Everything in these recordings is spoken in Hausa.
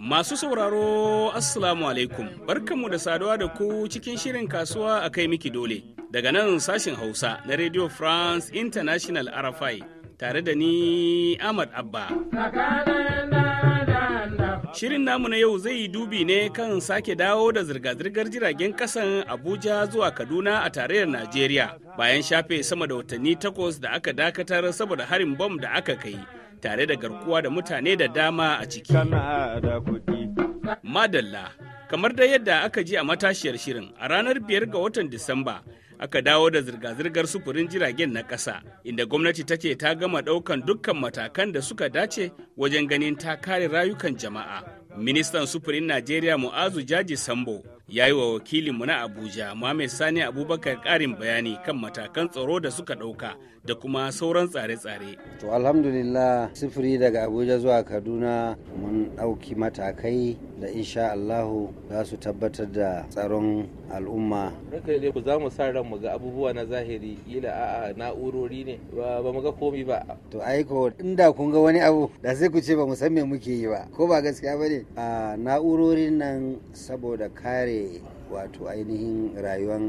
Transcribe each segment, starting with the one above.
Masu sauraro Assalamu alaikum, barkanmu da saduwa da ku cikin shirin kasuwa a kai miki dole. Daga nan sashen Hausa na Radio France International RFI tare da ni Ahmad Abba. Tsakanin Shirin namu na yau zai yi dubi ne kan sake dawo da zirga-zirgar jiragen kasan Abuja zuwa Kaduna a tarayyar Najeriya bayan shafe sama da watanni takwas da aka dakatar saboda harin bom da aka kai tare da garkuwa da mutane da dama a ciki. Madalla, kamar da yadda aka ji a matashiyar shirin a ranar 5 ga watan Disamba aka dawo da zirga-zirgar sufurin jiragen na ƙasa inda gwamnati ta ce ta gama ɗaukan dukkan matakan da suka dace wajen ganin ta kare rayukan jama'a ministan sufurin najeriya mu'azu jaji sambo ya yi wa wakilin mu na abuja muhammed sani abubakar karin bayani kan matakan tsaro da suka ɗauka da kuma sauran tsare-tsare to alhamdulillah sifiri daga abuja zuwa kaduna mun ɗauki matakai da insha allahu za su tabbatar da tsaron al'umma raka ku za mu sa ran mu ga abubuwa na zahiri ila a'a na'urori ne ba mu ga komi ba to aiko inda kun ga wani abu da sai ku ce ba mu san me muke yi ba ko ba gaskiya bane a na'urorin nan saboda kare wato ainihin rayuwar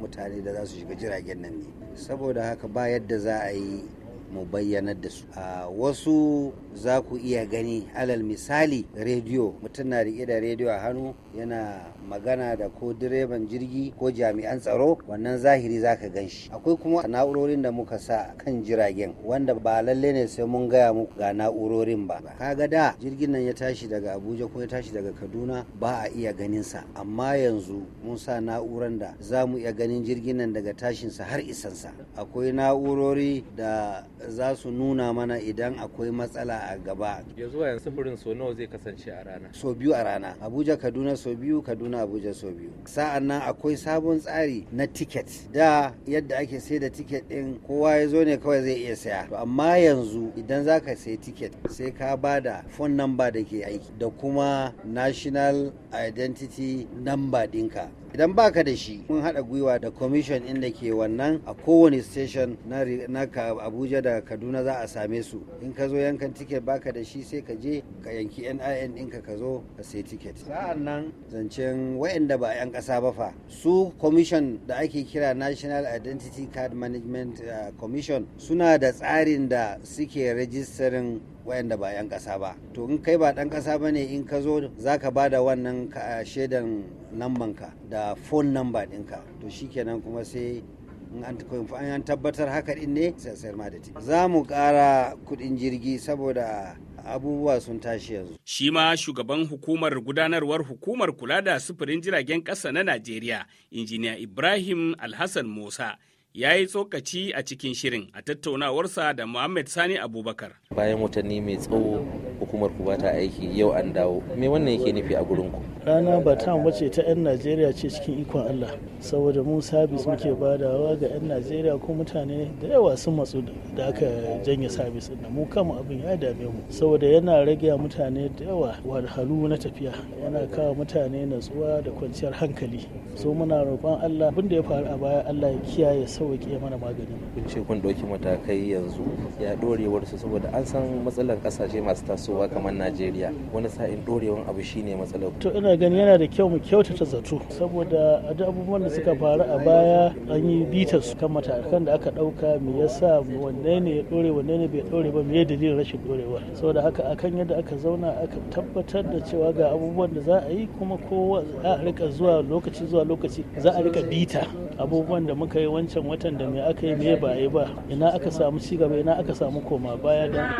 mutane da za su shiga jiragen nan ne saboda haka ba yadda za a yi mu bayyanar da su a wasu za ku iya gani alal misali rediyo mutum na riƙe da rediyo a hannu yana magana da ko direban jirgi ko jami'an tsaro wannan zahiri za ka gan shi akwai kuma na'urorin da muka sa kan jiragen wanda ba lalle ne sai mun gaya muku ga na'urorin ba kaga da jirgin nan ya tashi daga abuja ko ya tashi daga kaduna ba a iya ganin sa amma yanzu mun sa na'uran da za mu iya ganin jirgin nan daga tashinsa har isansa akwai na'urori da za su nuna mana idan akwai matsala a gaba ya zuwa yanzu sufurin so nawa zai kasance a rana so biyu a rana abuja kaduna so biyu kaduna abuja so biyu sa'an nan akwai sabon tsari na tiket da yadda ake sai da tiket ɗin kowa ya zo ne kawai zai iya saya to amma yanzu idan za ka sai tiket sai ka ba da phone number da ke aiki da kuma national identity number dinka idan baka da shi mun haɗa gwiwa da commission inda ke wannan a kowane station na, ka abuja da kaduna za a same su in ka zo yankan tiket baka da shi sai ka je ka yanki nin ɗinka ka zo ka sai tiket sa'an nan zancen wayanda ba 'yan ƙasa ba fa su commission da ake kira national identity card management eh, commission suna da tsarin da suke rajistarin wayanda ba 'yan ƙasa ba to in kai ba ɗan ƙasa ba ne in ka zo za ka ba da wannan shaidan ka da phone number ɗinka to shikenan kuma sai in an tabbatar haka din ne sai sayar ma da ti za mu ƙara kuɗin jirgi saboda abubuwa sun tashi yanzu shi ma shugaban hukumar gudanarwar hukumar kula da sufurin jiragen ƙasa na najeriya injiniya ibrahim alhassan musa ya yi tsokaci a cikin shirin a tattaunawarsa da Muhammad Sani Abubakar. Bayan watanni mai tsawo hukumar ku bata aiki yau an dawo me wannan yake nufi a gurin ku rana ba ta bace ta yan najeriya ce cikin ikon allah saboda mu sabis muke badawa ga yan najeriya ko mutane da yawa sun matsu da aka janye sabis din mu kama abin ya dame mu saboda yana rage mutane da yawa walhalu na tafiya yana kawo mutane natsuwa da kwanciyar hankali so muna roƙon allah abin da ya faru a baya allah ya kiyaye sauke mana magani kun ce kun ɗauki matakai yanzu ya ɗorewar su saboda an san matsalar ƙasashe masu taso tasowa kamar najeriya wani sa'in dorewan abu shine matsalar to ina gani yana da kyau mu kyautata zato saboda a duk abubuwan da suka faru a baya an yi bitar su kan matakan da aka dauka me yasa wanne ne ya dore wanne ne bai dore ba me ya dalilin rashin dorewa saboda haka akan yadda aka zauna aka tabbatar da cewa ga abubuwan da za a yi kuma kowa za a rika zuwa lokaci zuwa lokaci za a rika bita abubuwan da muka yi wancan watan da me aka yi me ba yi ba ina aka samu cigaba ina aka samu koma baya da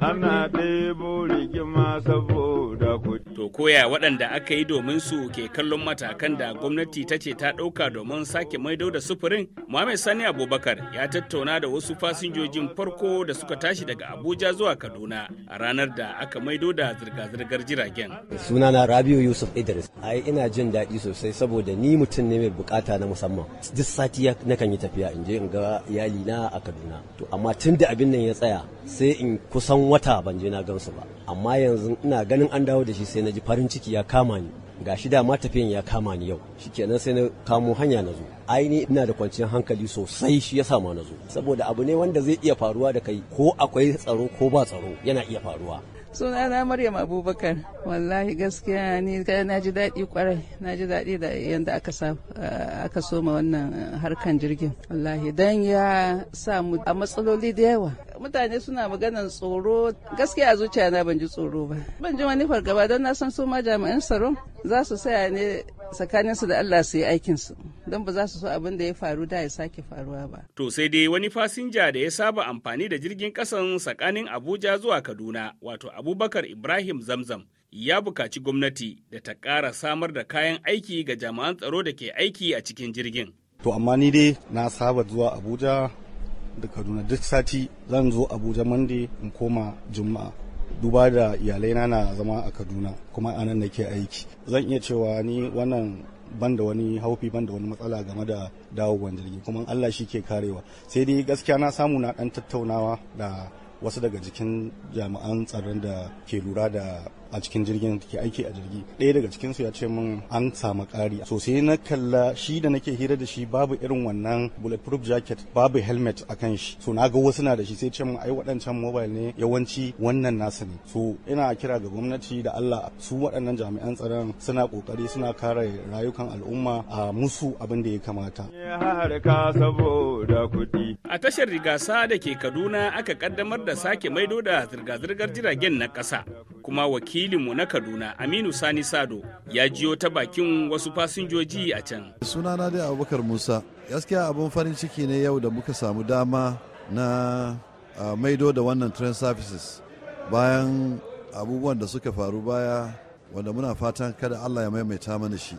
ana debo rigima saboda To koya waɗanda aka yi domin su ke kallon matakan da gwamnati ta ce ta ɗauka domin sake maido da sufurin? Muhammad Sani Abubakar ya tattauna da wasu fasinjojin farko da suka tashi daga Abuja zuwa Kaduna a ranar da aka maido da zirga-zirgar jiragen. Sunana Rabiu Yusuf Idris. Ai ina jin daɗi sosai saboda ni mutum ne mai bukata na musamman. Duk sati nakan yi tafiya in je in ga iyali na a Kaduna. To amma tun da abin nan ya tsaya sai in kusan wata ban je na gansu ba. Amma yanzu ina ganin an dawo da shi sai na ji farin ciki ya kama ni ga shi dama tafiyan ya kama ni yau shikenan sai na kamo hanya na zo aini ina da kwanciyar hankali sosai shi yasa ma na saboda abu ne wanda zai iya faruwa da kai ko akwai tsaro ko ba tsaro yana iya faruwa Suna na maryam abubakar wallahi gaskiya ni na ji daɗi kwarai na ji daɗi da yadda eh, aka soma wannan harkan jirgin wallahi don ya samu a matsaloli da yawa mutane suna maganan tsoro gaskiya a zuciya na ban ji tsoro ba ban ji wani fargaba don na san su ma jami'an tsaro za su saya ne tsakaninsu da Allah su yi aikinsu don ba za su so abin da ya faru da ya sake faruwa ba. To sai dai wani fasinja da ya saba amfani da jirgin kasan tsakanin Abuja zuwa Kaduna wato Abubakar Ibrahim Zamzam ya bukaci gwamnati da ta ƙara samar da kayan aiki ga jami'an tsaro da ke aiki a cikin jirgin. To amma ni dai na saba zuwa Abuja da Kaduna duk sati zan zo Abuja Monday in koma Juma'a. duba da iyalaina na zama a kaduna kuma a nan nake aiki zan iya cewa ni wannan ban da wani haufi ban da wani matsala game da dawowan jirgi kuma allah shi ke karewa sai dai gaskiya na samu na dan tattaunawa da wasu daga jikin jami'an tsaron da ke lura da a cikin jirgin da ke aiki a jirgi ɗaya daga cikin su ya ce min an samu ƙari sosai na kalla shi da nake hira da shi babu irin wannan bulletproof jacket babu helmet a kan shi so na ga wasu na da shi sai ce min ai waɗancan mobile ne yawanci wannan nasu ne so ina kira ga gwamnati da Allah su waɗannan jami'an tsaron suna ƙoƙari suna kare rayukan al'umma a musu abin da ya kamata. A tashar rigasa da ke Kaduna aka kaddamar da sake maido da zirga-zirgar jiragen na ƙasa kuma wakilinmu na kaduna aminu sani sado ya jiyo ta bakin wasu fasinjoji a can sunana dai abubakar musa gaskiya abin farin ciki ne yau da muka samu dama na ah, maido da wannan train services bayan abubuwan da suka faru baya wanda muna fatan kada allah ya maimaita mana shi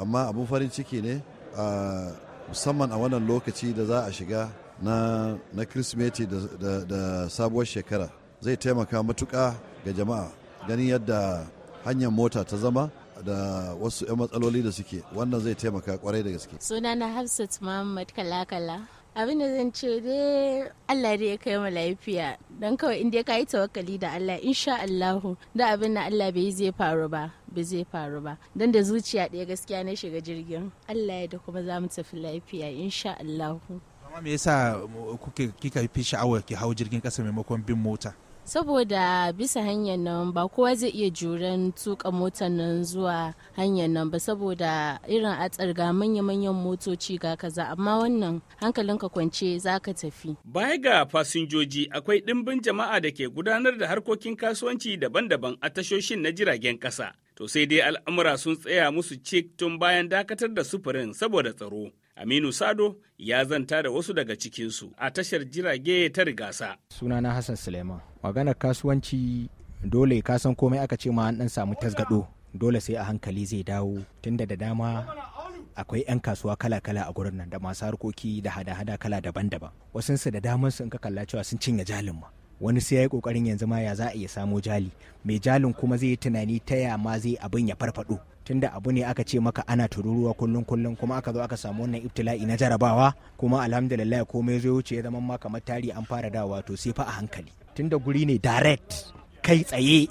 amma abin farin ciki ne uh, musamman a wannan lokaci da za a shiga na, na da, da sabuwar shekara zai taimaka matuka ga jama'a ganin yadda hanyar mota ta zama da wasu 'yan matsaloli da suke wannan zai taimaka kwarai da gaske Suna na hafsat muhammad kalakala abin da zan ce dai Allah dai ya kai mu lafiya don kawai in ya kayi tawakali da Allah insha allahu da abin da Allah bai zai faru ba bai zai faru ba don da zuciya ɗaya gaskiya na shiga jirgin Allah ya da kuma za mu tafi lafiya insha allahu amma me yasa kuke kika fi sha'awar ki hau jirgin ƙasa maimakon bin mota saboda bisa hanyar nan ba kowa zai iya juran tuka motar nan zuwa hanyar nan ba saboda irin atsar ga manya-manyan motoci ga kaza amma wannan hankalinka kwance za ka tafi. Baya ga fasinjoji akwai ɗimbin jama'a da ke gudanar da harkokin kasuwanci daban-daban a tashoshin na jiragen ƙasa. To sai dai al'amura sun tsaya musu cik tun bayan dakatar da sufurin saboda tsaro. Aminu Sado ya zanta da wasu daga cikinsu a tashar jirage ta rigasa. Sunana Hassan Suleiman. Maganar kasuwanci dole ka san komai aka ce ma an dan samu tasgado dole sai a hankali zai dawo tunda da dama akwai 'yan kasuwa kala-kala a gurin nan da masu harkoki da hada-hada kala daban-daban wasunsu da damar su in ka kalla cewa sun cinye jalin ma wani sai ya yi kokarin yanzu ma ya za a iya samo jali mai jalin kuma zai yi tunani ta ya ma zai abin ya farfado tunda abu ne aka ce maka ana tururuwa kullum kullum kuma aka zo aka samu wannan iftila'i na jarabawa kuma alhamdulillah komai zai wuce ya zama ma kamar tari an fara dawa wato sai fa a hankali tunda guri ne direct kai tsaye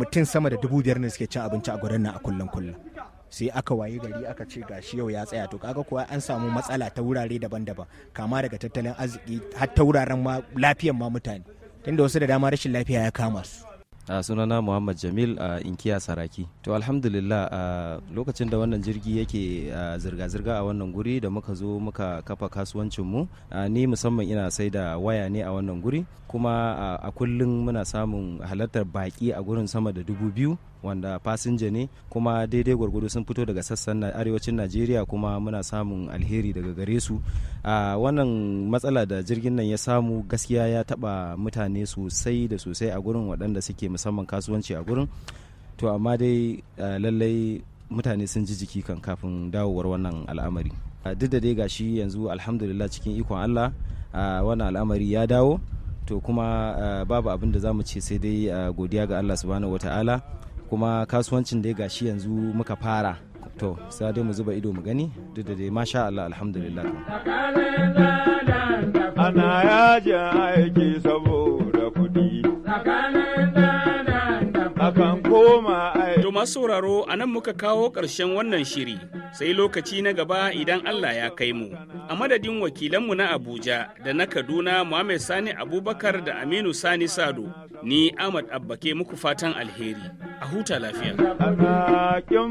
mutum sama da dubu biyar ne suke cin abinci a gurin nan a kullum kullum sai aka wayi gari aka ce gashi yau ya tsaya to kaga kuwa an samu matsala ta wurare daban-daban kama daga tattalin arziki har ta wuraren ma lafiyan ma mutane tunda wasu da dama rashin lafiya ya kama su a sunana muhammad jamil a inkiya saraki to alhamdulillah a lokacin da wannan jirgi yake zirga-zirga a wannan guri da muka zo muka kafa kasuwancinmu ni musamman ina sai da waya ne a wannan guri kuma a kullum muna samun halartar baki a gurin sama da dubu biyu wanda fasinja ne kuma daidai gwargwado sun fito daga sassan arewacin najeriya kuma muna samun alheri daga gare su a wannan matsala da jirgin nan ya samu gaskiya ya taba mutane sosai da sosai a gurin waɗanda suke musamman kasuwanci a gurin to amma dai lallai mutane sun ji jiki kan kafin dawowar wannan al'amari duk da dai gashi yanzu alhamdulillah cikin ikon allah wannan al'amari ya dawo to kuma babu abin da za mu ce sai dai godiya ga allah subhanahu wataala kuma kasuwancin da dai gashi yanzu muka fara to sai dai mu zuba ido mu gani duk da dai masha Allah alhamdulillah ana yaji aiki saboda kuɗi akan koma To masu sauraro a nan muka kawo ƙarshen wannan shiri sai lokaci na gaba idan Allah ya kai mu. a madadin wakilanmu na Abuja da na Kaduna Muhammad Sani Abubakar da Aminu Sani Sado, ni Ahmad abbake muku fatan alheri. A huta lafiya.